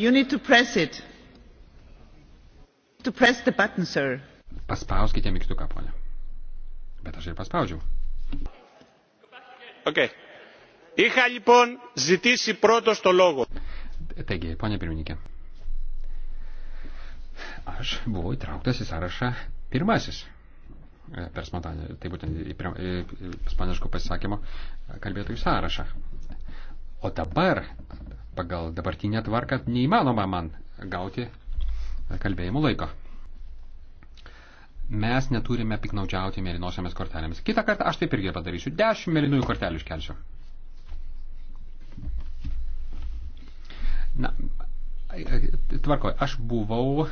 You need to press it. To press the button, sir. Paspauskite mygtuką, ponė. Bet aš ir paspaudžiau. Okay. Είχα λοιπόν ζητήσει πρώτος το λόγο. Taigi, ponė pirmininkė, aš buvau įtrauktas į sąrašą pirmasis e, per spontanį, tai būtent į, į, į spaniško pasisakymo kalbėtojų sąrašą. O dabar pagal dabartinę tvarką neįmanoma man gauti kalbėjimų laiko. Mes neturime piknaudžiauti mėlynosiamis kortelėmis. Kitą kartą aš taip irgi padarysiu. Dešimt mėlynųjų kortelių iškelsiu. Na, tvarkoj, aš buvau